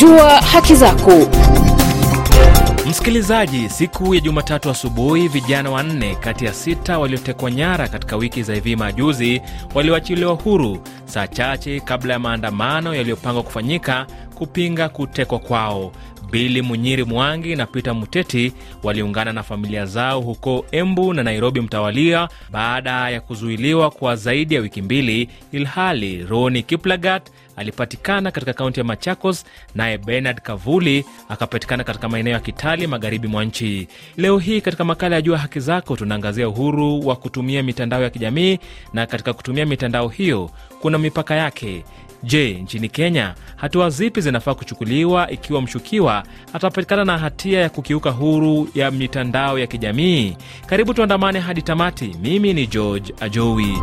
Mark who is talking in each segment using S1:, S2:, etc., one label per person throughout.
S1: Jua haki zako. Msikilizaji, siku ya Jumatatu asubuhi, vijana wanne kati ya sita waliotekwa nyara katika wiki za hivi majuzi waliwachiliwa huru saa chache kabla ya maandamano yaliyopangwa kufanyika kupinga kutekwa kwao. Bili Munyiri Mwangi na Peter Muteti waliungana na familia zao huko Embu na Nairobi mtawalia baada ya kuzuiliwa kwa zaidi ya wiki mbili, ilhali Roni Kiplagat alipatikana katika kaunti ya Machakos, naye Bernard Kavuli akapatikana katika maeneo ya kitali magharibi mwa nchi. Leo hii katika makala ya Jua Haki Zako tunaangazia uhuru wa kutumia mitandao ya kijamii, na katika kutumia mitandao hiyo kuna mipaka yake. Je, nchini Kenya hatua zipi zinafaa kuchukuliwa ikiwa mshukiwa atapatikana na hatia ya kukiuka huru ya mitandao ya kijamii? Karibu tuandamane hadi tamati. Mimi ni George Ajowi.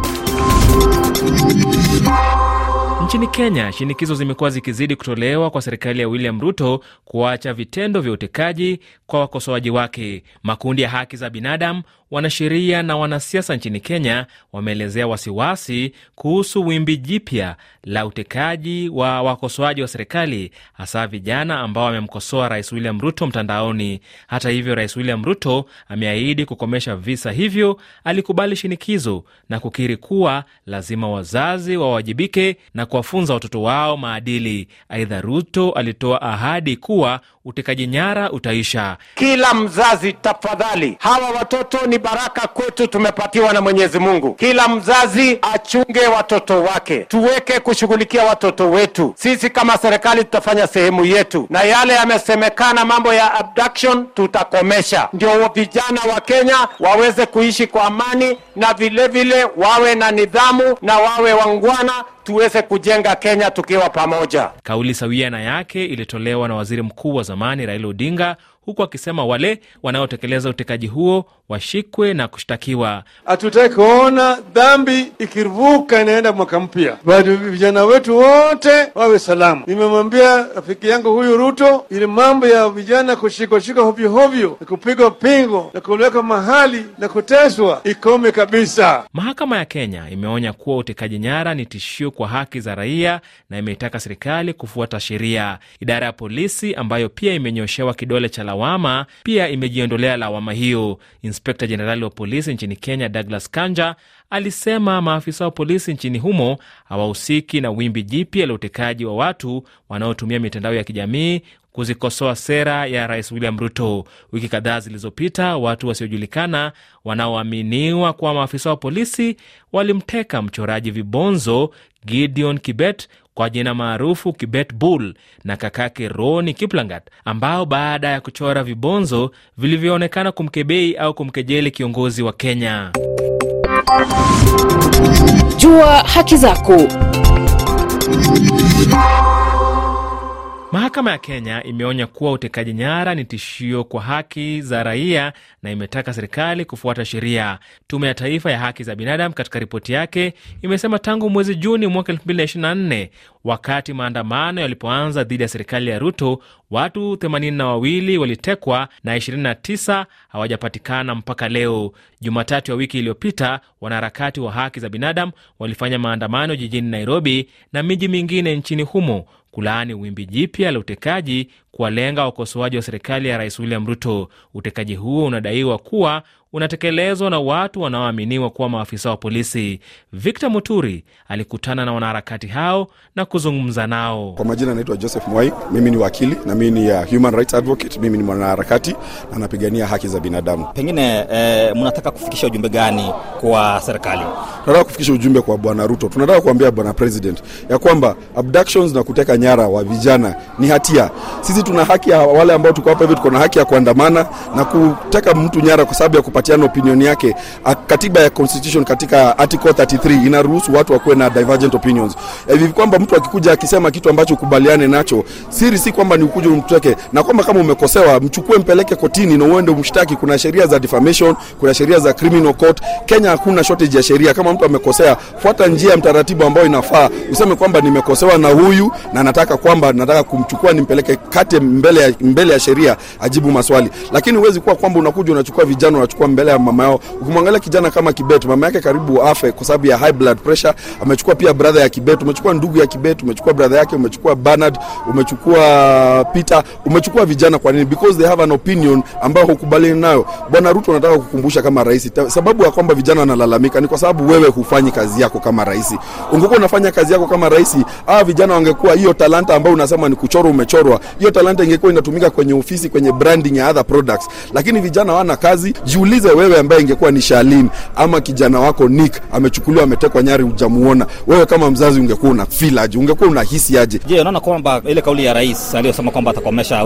S1: Nchini Kenya, shinikizo zimekuwa zikizidi kutolewa kwa serikali ya William Ruto kuacha vitendo vya utekaji kwa wakosoaji wake. Makundi ya haki za binadamu, wanasheria na wanasiasa nchini Kenya wameelezea wasiwasi kuhusu wimbi jipya la utekaji wa wakosoaji wa serikali, hasa vijana ambao wamemkosoa Rais William Ruto mtandaoni. Hata hivyo, Rais William Ruto ameahidi kukomesha visa hivyo, alikubali shinikizo na kukiri kuwa lazima wazazi wawajibike na na kuwafunza watoto wao maadili. Aidha, Ruto alitoa ahadi kuwa utekaji nyara utaisha. Kila mzazi tafadhali, hawa watoto ni baraka kwetu, tumepatiwa na Mwenyezi Mungu. Kila mzazi achunge watoto wake, tuweke kushughulikia watoto wetu. Sisi kama serikali tutafanya sehemu yetu, na yale yamesemekana mambo ya abduction tutakomesha, ndio vijana wa Kenya waweze kuishi kwa amani na vilevile vile wawe na nidhamu na wawe wangwana tuweze kujenga Kenya tukiwa pamoja. Kauli sawia na yake ilitolewa na waziri mkuu wa zamani Raila Odinga huku akisema wale wanaotekeleza utekaji huo washikwe na kushtakiwa.
S2: Hatutaki kuona dhambi ikivuka inaenda mwaka mpya, bado vijana wetu wote wawe salama. Nimemwambia rafiki yangu huyu Ruto, ili mambo ya vijana kushikashika hovyohovyo na kupigwa pingo na kuwekwa mahali na kuteswa ikome kabisa.
S1: Mahakama ya Kenya imeonya kuwa utekaji nyara ni tishio kwa haki za raia na imeitaka serikali kufuata sheria. Idara ya polisi ambayo pia imenyoshewa kidole cha lawama, pia imejiondolea lawama hiyo. Inspekta Jenerali wa polisi nchini Kenya Douglas Kanja alisema maafisa wa polisi nchini humo hawahusiki na wimbi jipya la utekaji wa watu wanaotumia mitandao ya kijamii kuzikosoa sera ya Rais William Ruto. Wiki kadhaa zilizopita, watu wasiojulikana wanaoaminiwa kuwa maafisa wa polisi walimteka mchoraji vibonzo Gideon Kibet kwa jina maarufu Kibet Bull na kakake Roni Kiplangat, ambao baada ya kuchora vibonzo vilivyoonekana kumkebei au kumkejeli kiongozi wa Kenya. Jua haki zako. Mahakama ya Kenya imeonya kuwa utekaji nyara ni tishio kwa haki za raia na imetaka serikali kufuata sheria. Tume ya Taifa ya Haki za Binadamu katika ripoti yake imesema tangu mwezi Juni mwaka 2024 wakati maandamano yalipoanza dhidi ya serikali ya Ruto, watu 82 walitekwa na 29 hawajapatikana mpaka leo. Jumatatu ya wiki iliyopita, wanaharakati wa haki za binadamu walifanya maandamano jijini Nairobi na miji mingine nchini humo kulaani wimbi jipya la utekaji kuwalenga wakosoaji wa serikali ya Rais William Ruto. Utekaji huo unadaiwa kuwa unatekelezwa na watu wanaoaminiwa kuwa maafisa wa polisi. Victor Muturi alikutana na wanaharakati hao na kuzungumza nao.
S2: Kwa majina anaitwa Joseph Mwai, mimi ni wakili na mimi ni uh, human rights advocate, mimi ni mwanaharakati na napigania haki za binadamu. Pengine
S3: eh, mnataka kufikisha ujumbe gani kwa serikali?
S2: Tunataka kufikisha ujumbe kwa bwana Ruto, tunataka kuambia bwana president ya kwamba abductions na kuteka nyara wa vijana ni hatia. Sisi tuna haki ya wale ambao tuko hapa hivi, tuko na haki ya kuandamana na kuteka mtu nyara kwa sababu ya kupata anatofautiana opinion yake. Katiba ya constitution katika article 33 inaruhusu watu wakuwe na divergent opinions, eh, hivi kwamba mtu akikuja akisema kitu ambacho ukubaliane nacho, siri si kwamba ni ukuje umtweke, na kwamba kama umekosewa mchukue mpeleke kotini na uende umshtaki. Kuna sheria za defamation, kuna sheria za criminal court. Kenya hakuna shortage ya sheria. Kama mtu amekosea, fuata njia ya mtaratibu ambayo inafaa, useme kwamba nimekosewa na huyu na nataka kwamba nataka kumchukua nimpeleke kate mbele ya, mbele ya sheria ajibu maswali, lakini huwezi kuwa kwamba unakuja unachukua vijana unachukua mbele ya mama yao. Ukimwangalia kijana kama Kibet, mama yake karibu afe kwa sababu ya high blood pressure. Amechukua pia brother ya Kibet, umechukua ndugu ya Kibet, umechukua brother yake, umechukua Bernard, umechukua Peter, umechukua vijana. Kwa nini? Because they have an opinion ambayo hukubaliani nayo. Bwana Ruto anataka kukumbusha kama rais, sababu ya kwamba vijana wanalalamika ni kwa sababu wewe hufanyi kazi yako kama rais. Ungekuwa unafanya kazi yako kama rais, hawa vijana wangekuwa hiyo talanta ambayo unasema ni kuchorwa, umechorwa, hiyo talanta ingekuwa inatumika kwenye ofisi, kwenye branding ya other products, lakini vijana hawana kazi. Jiulize Jiulize wewe ambaye ingekuwa ni Shalin ama kijana wako Nick amechukuliwa ametekwa nyari, hujamuona wewe, kama mzazi ungekuwa una feel aje? Ungekuwa unahisi aje?
S3: Je, unaona kwamba ile kauli ya rais aliyosema kwamba atakomesha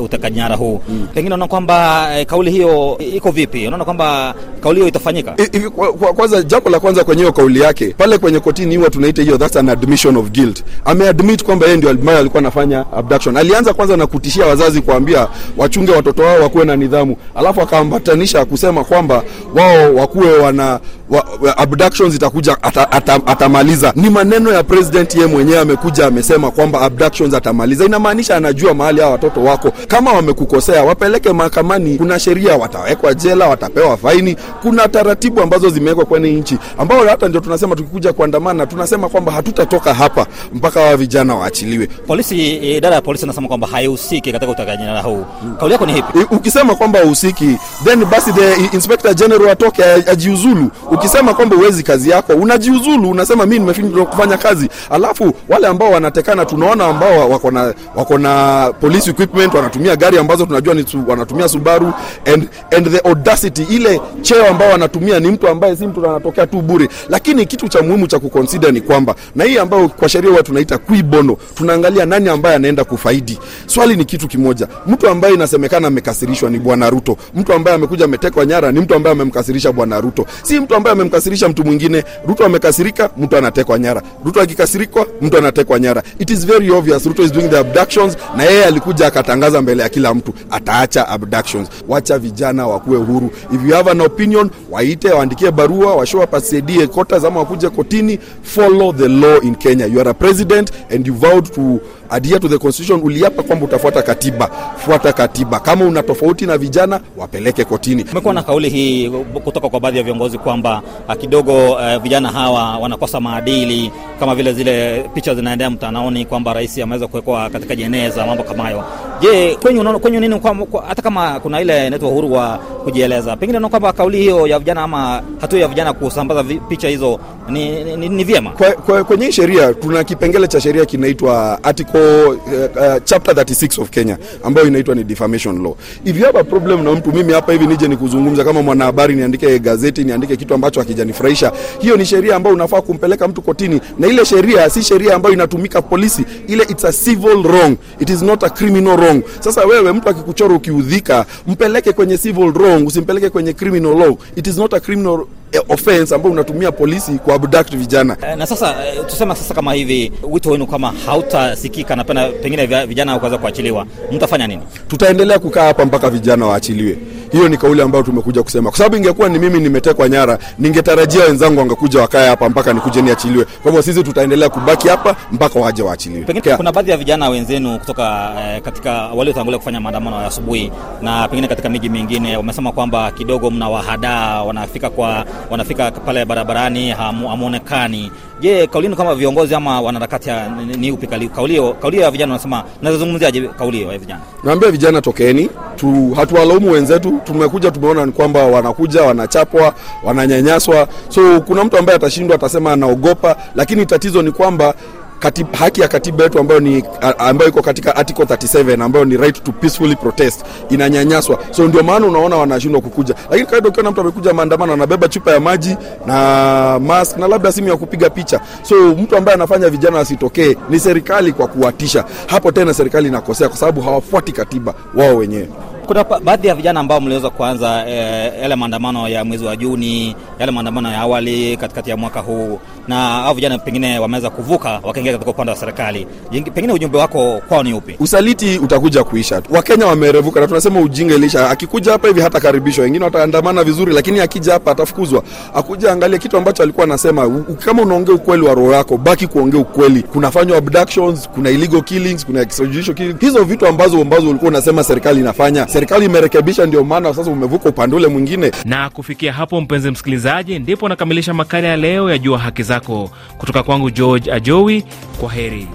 S3: utekaji nyara huu mm, pengine unaona kwamba e, kauli hiyo iko vipi? Unaona kwamba kauli hiyo itafanyika
S2: hivi? kwa, kwa, Kwanza, jambo la kwanza kwenye hiyo kauli yake pale kwenye kotini, huwa tunaita hiyo that's an admission of guilt. Ameadmit kwamba yeye ndio Almaye alikuwa anafanya abduction. Alianza kwanza na kutishia wazazi kuambia wachunge watoto wao wakuwe na nidhamu, alafu akaambatanisha kusema kusema kwamba wao wakuwe wana wa, wa, abductions itakuja ata, ata, atamaliza. Ni maneno ya president yeye mwenyewe amekuja amesema kwamba abductions atamaliza. Inamaanisha anajua mahali hao watoto wako. Kama wamekukosea wapeleke mahakamani, kuna sheria, watawekwa jela, watapewa faini, kuna taratibu ambazo zimewekwa kwenye nchi, ambao hata ndio tunasema tukikuja kuandamana, tunasema kwamba hatutatoka hapa mpaka hawa vijana waachiliwe.
S3: Polisi, eh, idara ya polisi inasema kwamba haihusiki katika utekaji nyara huu. Hmm. Kauli yako ni hipi?
S2: Eh, ukisema kwamba uhusiki, then basi the inspector general atoke ajiuzulu. Ukisema kwamba uwezi kazi yako unajiuzulu, unasema mimi nimefika kufanya kazi, alafu wale ambao wanatekana tunaona ambao wako na wako na police equipment, wanatumia gari ambazo tunajua ni su, wanatumia Subaru and, and the audacity, ile cheo ambao wanatumia ni mtu ambaye si mtu anatokea tu bure. Lakini kitu cha muhimu cha kuconsider ni kwamba na hii ambayo kwa sheria huwa tunaita qui bono, tunaangalia nani ambaye anaenda kufaidi. Swali ni kitu kimoja, mtu ambaye inasemekana amekasirishwa ni bwana Ruto, mtu ambaye amekuja ametekwa nyara ni mtu ambaye amemkasirisha bwana Ruto, si mtu ambaye amemkasirisha mtu mwingine. Ruto amekasirika, mtu anatekwa nyara. Ruto akikasirikwa, mtu anatekwa nyara. It is very obvious Ruto is doing the abductions, na yeye alikuja akatangaza mbele ya kila mtu ataacha abductions. Wacha vijana wakuwe huru. If you have an opinion, waite, waandikie barua, washow up at CDA quarters ama wakuje kotini. Follow the law in Kenya. You are a president and you vowed to adhere to the constitution. Uliapa kwamba utafuata katiba, fuata katiba. Kama una tofauti na vijana, wapeleke kotini. Mekuwa tumeona
S3: kauli hii kutoka kwa baadhi ya viongozi kwamba ah, kidogo eh, vijana hawa wanakosa maadili kama vile zile picha zinaendea mtandaoni kwamba rais ameweza kuwekwa katika jeneza, mambo kama hayo. Je, kwenyu kwenyu nini kwa, kwa, hata kama kuna ile inaitwa uhuru wa kujieleza, pengine naona kwamba kauli hiyo ya vijana ama hatua ya vijana kusambaza vi, picha hizo ni, ni, ni, ni vyema
S2: kwa, kwa, kwenye sheria tuna kipengele cha sheria kinaitwa article uh, uh, chapter 36 of Kenya ambayo inaitwa ni defamation law. If you have a problem na mtu, mimi hapa hivi nije nikuzungumza kuzungumza kama mwanahabari, niandike gazeti, niandike kitu ambacho hakijanifurahisha. Hiyo ni sheria ambayo unafaa kumpeleka mtu kotini, na ile sheria si sheria ambayo inatumika polisi. Ile it's a civil wrong, it is not a criminal wrong. Sasa wewe mtu akikuchora ukiudhika, mpeleke kwenye civil wrong, usimpeleke kwenye criminal law. It is not a criminal eh, offense ambayo unatumia polisi kwa abduct vijana.
S3: Eh, na sasa eh, tusema sasa kama hivi, wito wenu kama hautasikika na pengine vijana wakaweza kuachiliwa,
S2: mtafanya nini? Tutaendelea kukaa hapa mpaka vijana waachiliwe. Hiyo ni kauli ambayo tumekuja kusema, kwa sababu ingekuwa ni mimi nimetekwa nyara, ningetarajia wenzangu wangekuja wakae hapa mpaka nikuje niachiliwe. Kwa hivyo sisi tutaendelea kubaki hapa mpaka waje waachiliwe. Pengine kuna
S3: baadhi ya vijana wenzenu kutoka eh, katika waliotangulia kufanya maandamano ya asubuhi na pengine katika miji mingine wamesema kwamba kidogo mnawahadaa, wanafika kwa wanafika pale barabarani hamuonekani Je, kauli kama viongozi ama wanaharakati ah, ni upi kauli ya vijana? Wanasema nazungumziaje kauli ya
S2: vijana? Naambia vijana tokeni tu, hatuwalaumu wenzetu. Tumekuja tumeona ni kwamba wanakuja wanachapwa, wananyanyaswa, so kuna mtu ambaye atashindwa, atasema anaogopa, lakini tatizo ni kwamba katib, haki ya katiba yetu ambayo ni ambayo iko katika article 37 ambayo ni right to peacefully protest inanyanyaswa, so ndio maana unaona wanashindwa kukuja. Lakini kawaida ukiona mtu amekuja maandamano, anabeba chupa ya maji na mask na labda simu ya kupiga picha, so mtu ambaye anafanya vijana wasitokee ni serikali kwa kuwatisha. Hapo tena serikali inakosea, kwa sababu hawafuati katiba wao wenyewe.
S3: Kuna baadhi ya vijana ambao mliweza kuanza eh, yale e, maandamano ya mwezi wa Juni, yale maandamano ya awali katikati ya mwaka huu, na hao vijana pengine wameweza kuvuka wakaingia katika upande wa serikali. Pengine ujumbe wako kwao ni upi?
S2: Usaliti utakuja kuisha. Wakenya wamerevuka, na tunasema ujinga ilisha. Akikuja hapa hivi hata karibishwa wengine wataandamana vizuri, lakini akija hapa atafukuzwa. Akuja angalia kitu ambacho alikuwa anasema. Kama unaongea ukweli wa roho yako, baki kuongea ukweli. Kunafanywa abductions, kuna illegal killings, kuna extrajudicial killings, hizo vitu ambazo ambazo ulikuwa unasema serikali inafanya serikali imerekebisha, ndio maana sasa umevuka upande ule mwingine. Na
S1: kufikia hapo, mpenzi msikilizaji, ndipo nakamilisha makala ya leo ya Jua Haki Zako kutoka kwangu George Ajowi. Kwa heri.